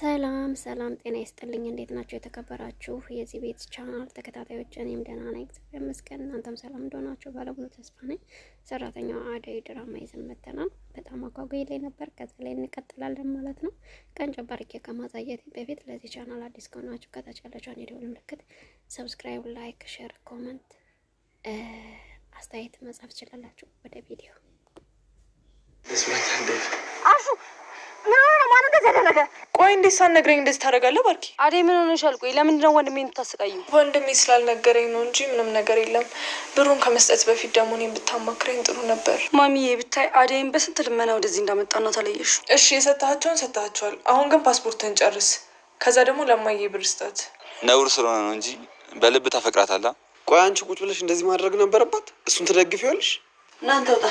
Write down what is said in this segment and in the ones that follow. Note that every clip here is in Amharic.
ሰላም ሰላም፣ ጤና ይስጥልኝ። እንዴት ናቸው የተከበራችሁ የዚህ ቤት ቻናል ተከታታዮች? እኔም ደህና ነኝ እግዚአብሔር ይመስገን። እናንተም ሰላም እንደሆናችሁ ባለሙሉ ተስፋ ነኝ። ሰራተኛዋ አደይ ድራማ ይዘን መጥተናል። በጣም አጓጓይ ላይ ነበር። ከዛ ላይ እንቀጥላለን ማለት ነው። ቀን ጨባርቄ ከማሳየት በፊት ለዚህ ቻናል አዲስ ከሆናችሁ ከታች ያለችውን የደወል ምልክት ሰብስክራይብ፣ ላይክ፣ ሼር፣ ኮመንት አስተያየት መጻፍ ትችላላችሁ። ወደ ቪዲዮ ቆይ እንዴት ሳትነግረኝ እንደዚህ ታደርጋለህ? ባርኪ አዴ ምን ሆነሻል? ቆይ ለምንድን ነው ወንድሜ የምታሰቃዩ? ወንድሜ ስላልነገረኝ ነው እንጂ ምንም ነገር የለም። ብሩን ከመስጠት በፊት ደግሞ እኔን ብታማክረኝ ጥሩ ነበር። ማሚዬ ብታይ አዴይን በስንት ልመና ወደዚህ ነው አለየሽ። እሺ የሰጠሃቸውን ሰታቸዋል አሁን ግን ፓስፖርትን ጨርስ። ከዛ ደግሞ ለማየ ብር ስጣት። ነውር ስለሆነ ነው እንጂ በልብ ታፈቅራታለህ። ቆይ አንቺ ቁጭ ብለሽ እንደዚህ ማድረግ ነበረባት። እሱን ትደግፊዋለሽ። እናንተ ወጣ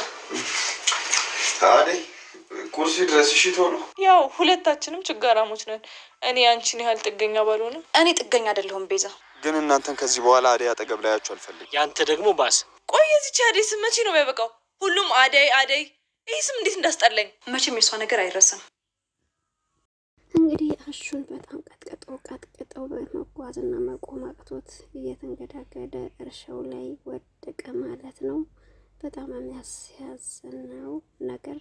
ኩርሲ ድረስ እሺ ቶሎ። ያው ሁለታችንም ችጋራሞች ነን። እኔ አንቺን ያህል ጥገኛ ባልሆንም እኔ ጥገኛ አይደለሁም ቤዛ። ግን እናንተን ከዚህ በኋላ አደይ አጠገብ ላያችሁ አልፈልግም። ያንተ ደግሞ ባስ። ቆይ የዚች አደይ ስም መቼ ነው የሚያበቃው? ሁሉም አደይ አደይ። ይህ ስም እንዴት እንዳስጠላኝ። መቼም የሷ ነገር አይረሳም። እንግዲህ አሹን በጣም ቀጥቀጠው ቀጥቀጠው በመጓዝና መቆም አቅቶት እየተንገዳገደ እርሻው ላይ ወደቀ ማለት ነው። በጣም የሚያሳዝነው ነገር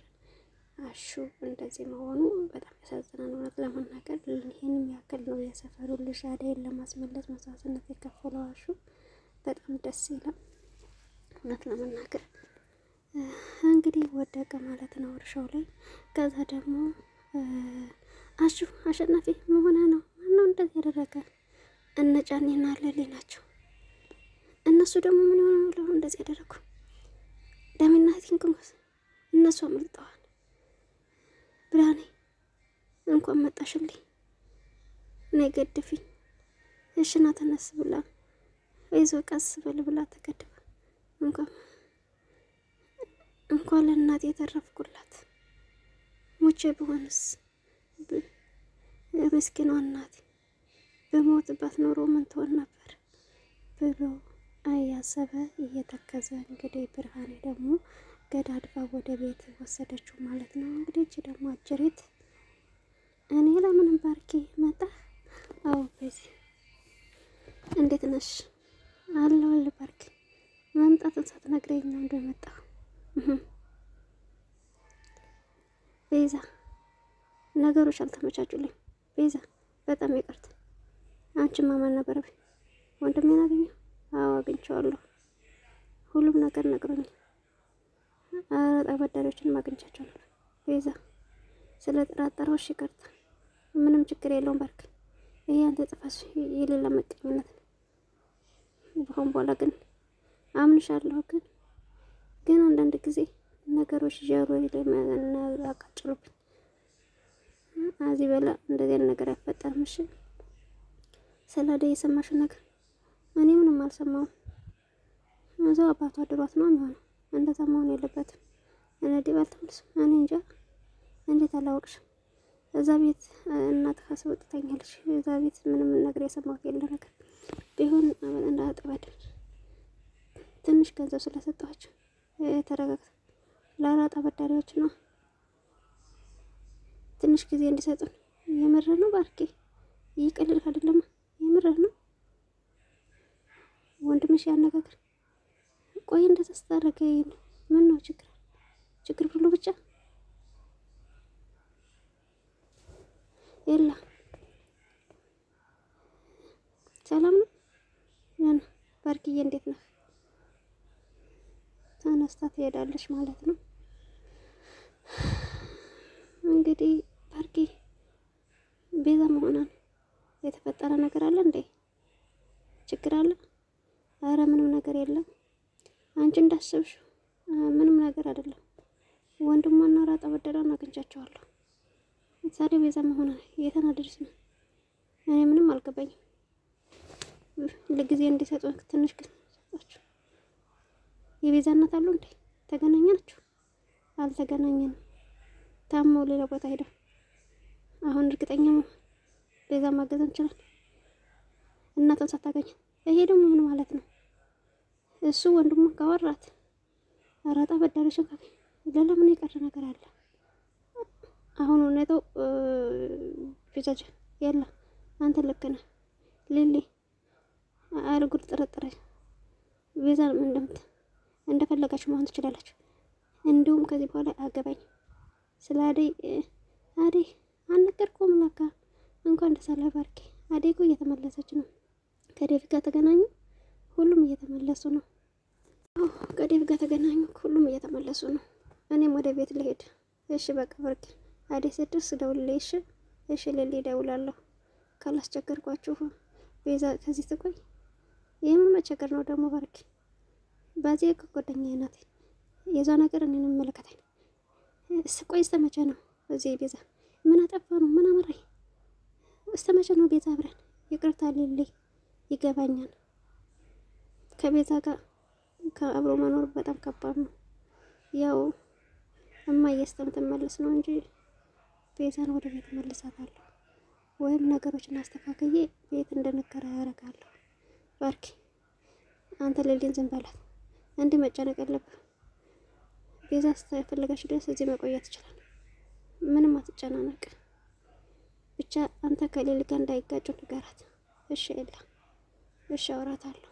አሹ እንደዚህ መሆኑ በጣም ያሳዝናል። እውነት ለመናገር ይህንም ያክል ነው የሰፈሩ ልጅ አደይን ለማስመለስ መስዋዕትነት የከፈለው አሹ በጣም ደስ ይላል። እውነት ለመናገር እንግዲህ ወደቀ ማለት ነው እርሻው ላይ። ከዛ ደግሞ አሹ አሸናፊ መሆነ ነው ማነው እንደዚህ ያደረገ እነ ጫኔና ለሌ ናቸው። እነሱ ደግሞ ምን ሆነ ብለው እንደዚህ ያደረጉ ደሜና እነሱ አምልጠዋል። ብርሃኔ እንኳን መጣሽልኝ። እኔ ገድፊኝ እሽና ተነስ ብላ ወይዞ ቀስ በል ብላ ተገድባ እንኳን እንኳን ለእናት የተረፍኩላት ሙቼ ብሆንስ ምስኪኗ እናቴ በሞትባት ኖሮ ምን ትሆን ነበር ብሎ እያሰበ እየተከዘ እንግዲህ ብርሃኔ ደግሞ ገዳድባ ወደ ቤት ወሰደችው ማለት ነው። እንግዲህ እቺ ደግሞ አጅሬት እኔ ለምንም ባርኪ መጣ። አዎ በዚህ እንዴት ነሽ አለው ባርኪ መምጣትን ሳትነግረኝ ነው እንደመጣ ቤዛ ነገሮች አልተመቻቹልኝ። ቤዛ በጣም ይቅርታ። አንቺ ማማን ነበረብኝ። ወንድሜን አገኘው? አዎ አግኝቼዋለሁ። ሁሉም ነገር ነግሮኛል። አራጣ አበዳሪዎችን ማግኘቻቸው ነው። ቤዛ ስለ ጠራጠረውሽ ይቅርታ። ምንም ችግር የለውም በርክ ይሄ አንተ ጥፋት የሌላ መቀኝነት ነው። በሆን በኋላ ግን አምንሻለሁ፣ ግን ግን አንዳንድ ጊዜ ነገሮች ጀሮ ያቃጭሉብን። አዚ በላ እንደዚህ ነገር አይፈጠርም። እሺ ሰላደ የሰማሽው ነገር እኔ ምንም አልሰማውም። እዛው አባቷ ድሯት ነው የሚሆነው እንደዛ መሆን የለበትም። እነዴ ባልተመልስም እኔ እንጃ እንዴት አላወቅሽም? እዛ ቤት እናት ካስወጥታኛለች። እዛ ቤት ምንም ነገር የሰማሁት የለ ነገር ቢሆን እንዳጠባድም ትንሽ ገንዘብ ስለሰጠኋቸው ተረጋግተ ለአራጣ አበዳሪዎች ነው ትንሽ ጊዜ እንዲሰጡን። የምርህ ነው ባርኬ? ይህ አይደለም። የምርህ ነው ወንድምሽ ያነጋግር ቆይ እንደተስታረገ ነው። ምን ነው ችግር ችግር ብሎ ብቻ የለ ሰላም ነው። ምን ባርክዬ፣ እንዴት ነው ተነስታ ትሄዳለች ማለት ነው። እንግዲህ ባርኪ ቤዛ መሆኗን የተፈጠረ ነገር አለ እንዴ? ችግር አለ? አረ ምንም ነገር የለም። አንቺ እንዳሰብሽው ምንም ነገር አይደለም። ወንድሟና ራጣ በደሏን አግኝቻቸዋለሁ። ዛሬ ቤዛ መሆን የተናደደች ነው። እኔ ምንም አልገባኝም። ለጊዜ እንዲሰጡ ትንሽ ግን ሰጣችሁ። የቤዛ እናት አሉ እንዴ? ተገናኛችሁ? አልተገናኘንም። ታመው ሌላ ቦታ ሄደው አሁን እርግጠኛ ነው ቤዛ ማገዝ እንችላል እናቷን ሳታገኝ። ይሄ ደግሞ ምን ማለት ነው? እሱ ወንድሙ ካወራት አራጣ በዳለሽ ካፊ ለለም ነው የቀረ ነገር አለ? አሁን ሁኔታው ፊዛጅ ያለ አንተ ልክ ነህ። ሌሌ አልጉድ ጥርጥሬ ቤዛ ምን እንደምት እንደፈለጋችሁ መሆን ትችላላችሁ። እንዲሁም ከዚህ በኋላ አገባኝ ስለ አደይ አደይ አልነገርኩም ለካ እንኳን ደስ አለህ ባርኬ። አደይ እኮ እየተመለሰች ነው። ከዴቪ ጋር ተገናኙ። ሁሉም እየተመለሱ ነው። ከዴቭ ጋር ተገናኙ። ሁሉም እየተመለሱ ነው። እኔም ወደ ቤት ልሄድ። እሺ በቃ ብርቅ አደይ ስድስት ደውልልኝ። እሺ እሺ፣ ሌሌ ደውላለሁ። ካላስቸገርኳችሁ ቤዛ ከዚህ ትቆይ። የምን መቸገር ነው ደግሞ በርክ። በዚህ ህግ ጓደኛዬ ናት። የዛ ነገር እኔን የሚመለከተኝ ስቆይ እስተመቼ ነው እዚህ? ቤዛ ምን አጠፋ ነው ምን አመራኝ? እስተመቼ ነው ቤዛ አብረን? ይቅርታ ሌሌ፣ ይገባኛል ከቤዛ ጋር ከአብሮ መኖር በጣም ከባድ ነው። ያው እማዬ እስከምትመለስ ነው እንጂ ቤዛን ወደ ቤት መልሳታለሁ፣ ወይም ነገሮችን አስተካክዬ ቤት እንደነገረ ያደርጋለሁ። ባርኪ አንተ ሌሊን ዝም በላት፣ እንዲህ መጨነቅ የለብህ። ቤዛ ስተፈለገች ድረስ እዚህ መቆየት ይችላል። ምንም አትጨናነቅ። ብቻ አንተ ከሌሊ ጋር እንዳይጋጩ ንገራት። እሺ? የለ እሺ፣ አውራታለሁ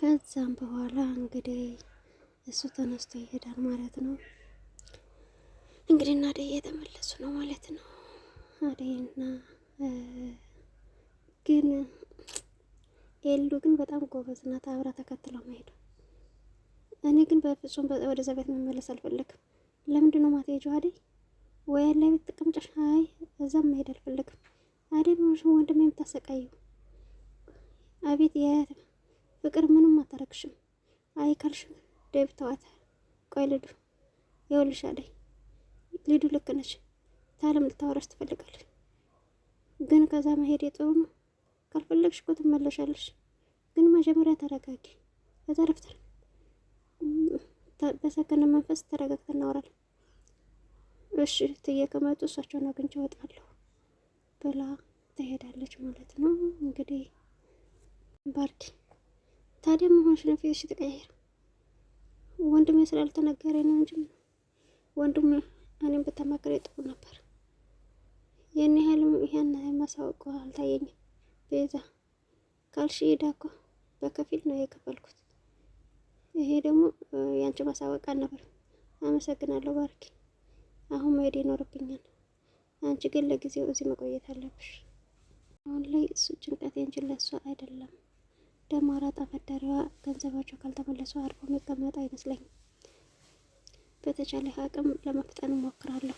ከዛም በኋላ እንግዲህ እሱ ተነስቶ ይሄዳል ማለት ነው። እንግዲህ እና አደይ እየተመለሱ ነው ማለት ነው። አደይና ግን ኤሉ ግን በጣም ጎበዝ ናት፣ አብራ ተከትሎ መሄድ። እኔ ግን በፍጹም ወደዛ ቤት መመለስ አልፈልግም። ለምንድን ነው የማትሄጂው አደይ? ወይ ያለ ቤት ተቀምጨሽ? አይ እዛም መሄድ አልፈልግም አደይ። ምንሽ ወንድም የምታሰቃየው አቤት ፍቅር ምንም አታረግሽም። አይ ካልሽም ዴብ ተዋት። ቆይ ልዱ ልዱ ልክ ነች። ታለም ልታወራሽ ትፈልጋለች፣ ግን ከዛ መሄድ የጥሩ ነው። ካልፈለግሽ እኮ ትመለሻለሽ። ግን መጀመሪያ ተረጋጊ። ከዛ ረፍተን በሰከነ መንፈስ ተረጋግተን እናወራለን። እሺ ትዬ ከመጡ እሳቸውን አግኝቼ እወጣለሁ ብላ ትሄዳለች ማለት ነው እንግዲህ ባርኪ ታዲያ መሆንሽ ነው ፊትሽ ተቀያየር። ወንድሜ ስላልተነገረ ነው እንጂ ወንድሜ እኔም በተማከረ ጥሩ ነበር። ይህን ያህልም ይህን ማሳወቁ አልታየኝም። ቤዛ ካልሽ ሄዳ እኮ በከፊል ነው የከፈልኩት። ይሄ ደግሞ ያንቺ ማሳወቅ አልነበር። አመሰግናለሁ ባርኪ። አሁን መሄድ ይኖርብኛል። አንቺ ግን ለጊዜው እዚህ መቆየት አለብሽ። አሁን ላይ እሱ ጭንቀት እንጂ ለእሷ አይደለም። ደማራ ጠመዳሪዋ ገንዘባቸው ካልተመለሱ አርፎ መቀመጥ አይመስለኝም። በተቻለ አቅም ለመፍጠን እሞክራለሁ።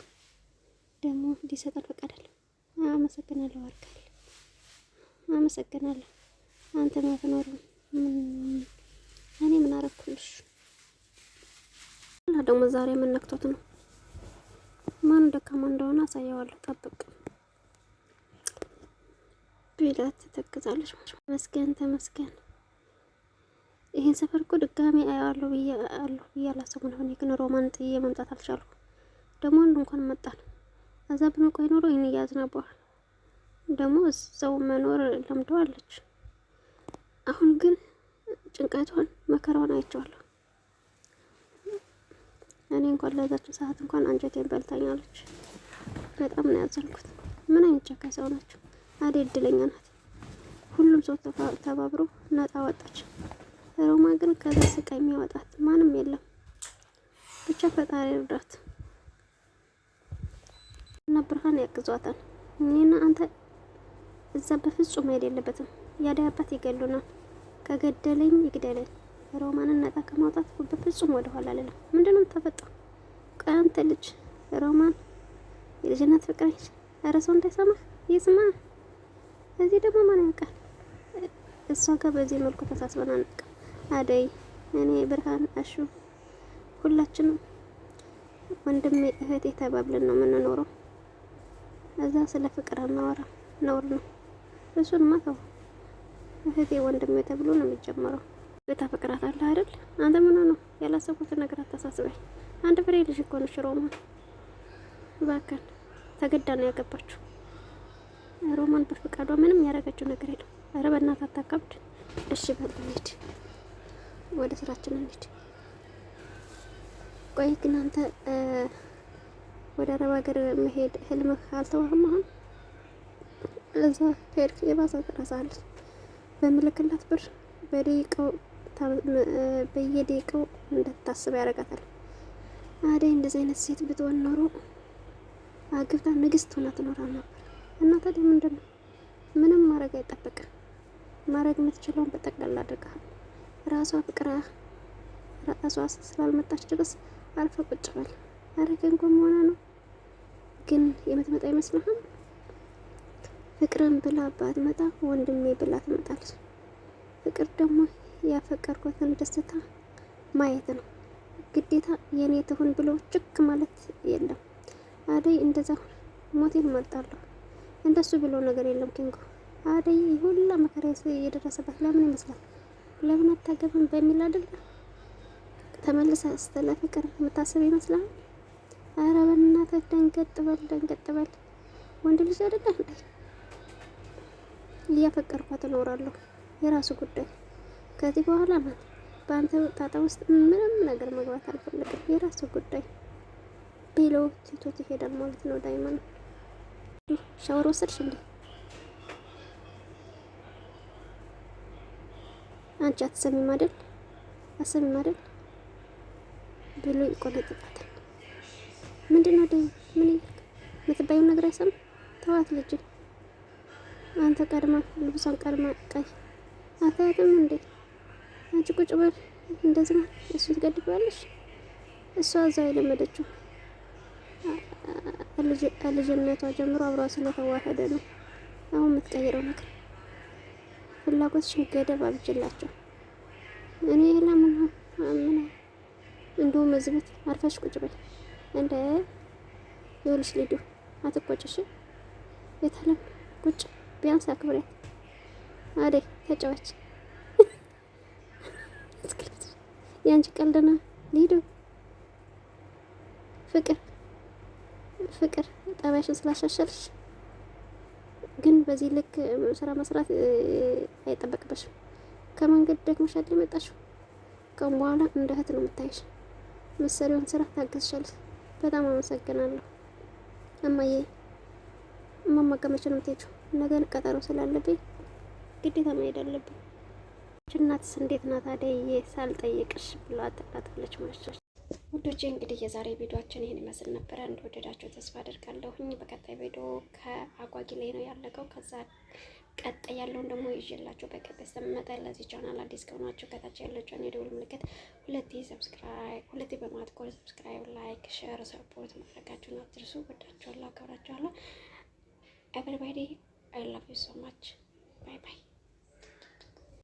ደግሞ እንዲሰጠን ፈቃዳል። አመሰግናለሁ አርካል አመሰግናለሁ። አንተ ማትኖር እኔ ምን አረኩልሽ? እና ደግሞ ዛሬ የምነክቶት ነው ማን ደካማ እንደሆነ አሳየዋለሁ። ጠብቅ ቢላት ትተክዛለች። ተመስገን ተመስገን። ይህን ሰፈር እኮ ድጋሜ አያዋለሁ ብያለሁ ብዬ አላሰብኩም ነበር። ግን ሮማን ጥዬ መምጣት አልቻልኩም። ደግሞ አንዱ እንኳን መጣን እዛ ብንቆይ ኖሮ ይህን እያዝናበዋል። ደግሞ እዛው መኖር ለምደዋለች። አሁን ግን ጭንቀቷን መከራዋን አይቼዋለሁ። እኔ እንኳን ለዛችን ሰዓት እንኳን አንጀቴን በልታኛለች። በጣም ነው ያዘንኩት። ምን አይነት ጨካኝ ሰው ናቸው! አዴ እድለኛ ናት። ሁሉም ሰው ተባብሮ ነጣ ወጣች። ሮማ ግን ከዛ ስቃይ የሚያወጣት ማንም የለም። ብቻ ፈጣሪ እርዳት እና ብርሃን ያግዟታል። እኔና አንተ እዛ በፍጹም መሄድ የለበትም። ያዳይ አባት ይገሉናል። ከገደለኝ ይግደለኝ። ሮማንን ነጣ ከማውጣት በፍጹም ወደኋላ አልልም። ምንድነው ተፈጣ አንተ ልጅ ሮማን የልጅነት ፍቅር ረሰው ሰው እንዳይሰማህ ይስማ እዚህ ደግሞ ማን ያውቃል? እሷ ጋር በዚህ መልኩ ተሳስበን አናውቅም። አደይ፣ እኔ፣ ብርሃን፣ አሹ ሁላችንም ወንድሜ እህቴ ተባብለን ነው የምንኖረው። እዛ ስለ ፍቅር አናወራ፣ ነውር ነው። እሱን ማተው እህቴ ወንድሜ ተብሎ ነው የሚጀመረው። ቤታ ፍቅራት አለ አይደል? አንተ ምን ነው ያላሰብኩት ነገር አታሳስበኝ። አንድ ፍሬ ልጅ እኮ ነሽ ሮማን፣ እባክህን ተገዳ ነው ያገባችሁ። ሮማን በፈቃዷ ምንም ያደረገችው ነገር የለም። ኧረ በእናትህ አታካብድ። እሺ በል እንሂድ፣ ወደ ስራችን እንሂድ። ቆይ ግን አንተ ወደ አረብ ሀገር መሄድ ህልምህ አልተዋህም? አሁን ለዛ ሄድክ የባሰ ትረሳለች። በምልክላት ብር በደቂቃው በየደቂቃው እንደታስበ ያደርጋታል። አደይ እንደዚህ አይነት ሴት ብትሆን ኖሮ አግብታ ንግስት ሆና ትኖራ ነበር። እና ታዲያ ምንድን ነው? ምንም ማድረግ አይጠበቅም። ማድረግ የምትችለውን በጠቅላላ አድርገሃል። ራሷ ፍቅራ ራሷ ስላልመጣች ድረስ አልፈ ቁጭ በል። አረ ነው ግን የምትመጣ ይመስልሃል? ፍቅርን ብላ መጣ ወንድሜ ብላ ትመጣለች። ፍቅር ደግሞ ያፈቀርኩትን ደስታ ማየት ነው ግዴታ። የኔ ትሁን ብሎ ጭክ ማለት የለም። አደይ እንደዛ ሞቴን እመርጣለሁ። እንደሱ ብሎ ነገር የለም ኪንጎ። አደይ ሁላ መከራ የደረሰባት ለምን ይመስላል? ለምን አታገብም በሚል አይደል? ተመልሳ ስትለ ፍቅር የምታስብ ይመስላል። አረ በእናትህ ደንገጥ በል ደንገጥ በል ወንድ ልጅ አይደለህ እንዴ? እያፈቀርኳት እኖራለሁ የራሱ ጉዳይ። ከዚህ በኋላ ናት በአንተ ጣጣ ውስጥ ምንም ነገር መግባት አልፈልግም፣ የራሱ ጉዳይ ቢሎ ትቶት ይሄዳል ማለት ነው ዳይመንድ ሻወር ወሰድሽ እንዴ? አንቺ አትሰሚም አይደል? አትሰሚም አይደል ብሎ ይቆነጥጣታል። ምንድን ነው ደግሞ ምን ይልክ የምትባየው ነገር አይሰም። ተዋት ልጅ አንተ ቀድማ ልብሷን ቀድማ ቀይ አታያትም እንዴ? አንቺ ቁጭ በል እንደዚህ ነው እሱን ትገድፈዋለሽ። እሷ እዛው የለመደችው ከልጅነቷ ጀምሮ አብሯ ስለተዋሃደ ነው። አሁን የምትቀይረው ነገር ፍላጎትሽን ገደብ አብጅላቸው። እኔ ለምን ምን እንደውም መዝበት አርፈሽ ቁጭ በይ። እንደ የወልሽ ልዱ አትቆጭሽ። የተለም ቁጭ ቢያንስ አክብሪያት። አደይ ተጫዋች ያንቺ ቀልድና ሊዱ ፍቅር ፍቅር ጠባይሽን ስላሻሸልሽ ግን በዚህ ልክ ስራ መስራት አይጠበቅበሽም። ከመንገድ ደክመሽ አይደል የመጣሽው? ቀን በኋላ እንደ እህት ነው የምታይሽ። መሰሪውን ስራ ታገዝሻለሽ። በጣም አመሰግናለሁ እማዬ። እማማ ጋር መቼ ነው የምትሄጂው? ነገን ቀጠሮ ስላለብኝ ግዴታ መሄድ አለብኝ። እናትስ እንዴት ናት? አደዬ ሳልጠይቅሽ ብላ አጠቃታለች። ውዶቼ እንግዲህ የዛሬ ቪዲዮአችን ይህን ይመስል ነበረ። እንደወደዳችሁ ተስፋ አደርጋለሁኝ። በቀጣይ ቪዲዮ ከአጓጊ ላይ ነው ያለቀው። ከዛ ቀጣይ ያለውን ደግሞ ይዤላችሁ በቀጣይ ስለምመጣ ለዚህ ቻናል አዲስ ከሆናችሁ ከታች ያለችውን የደውል ምልክት ሁለቴ ሰብስክራይብ ሁለቴ በማጥቆር ሰብስክራይብ፣ ላይክ፣ ሼር፣ ሰፖርት ማድረጋችሁን አትርሱ። ወዳችኋለሁ፣ አከብራችኋለሁ። ኤቨሪባዲ አይ ላቭ ዩ ሶ ማች ባይ ባይ።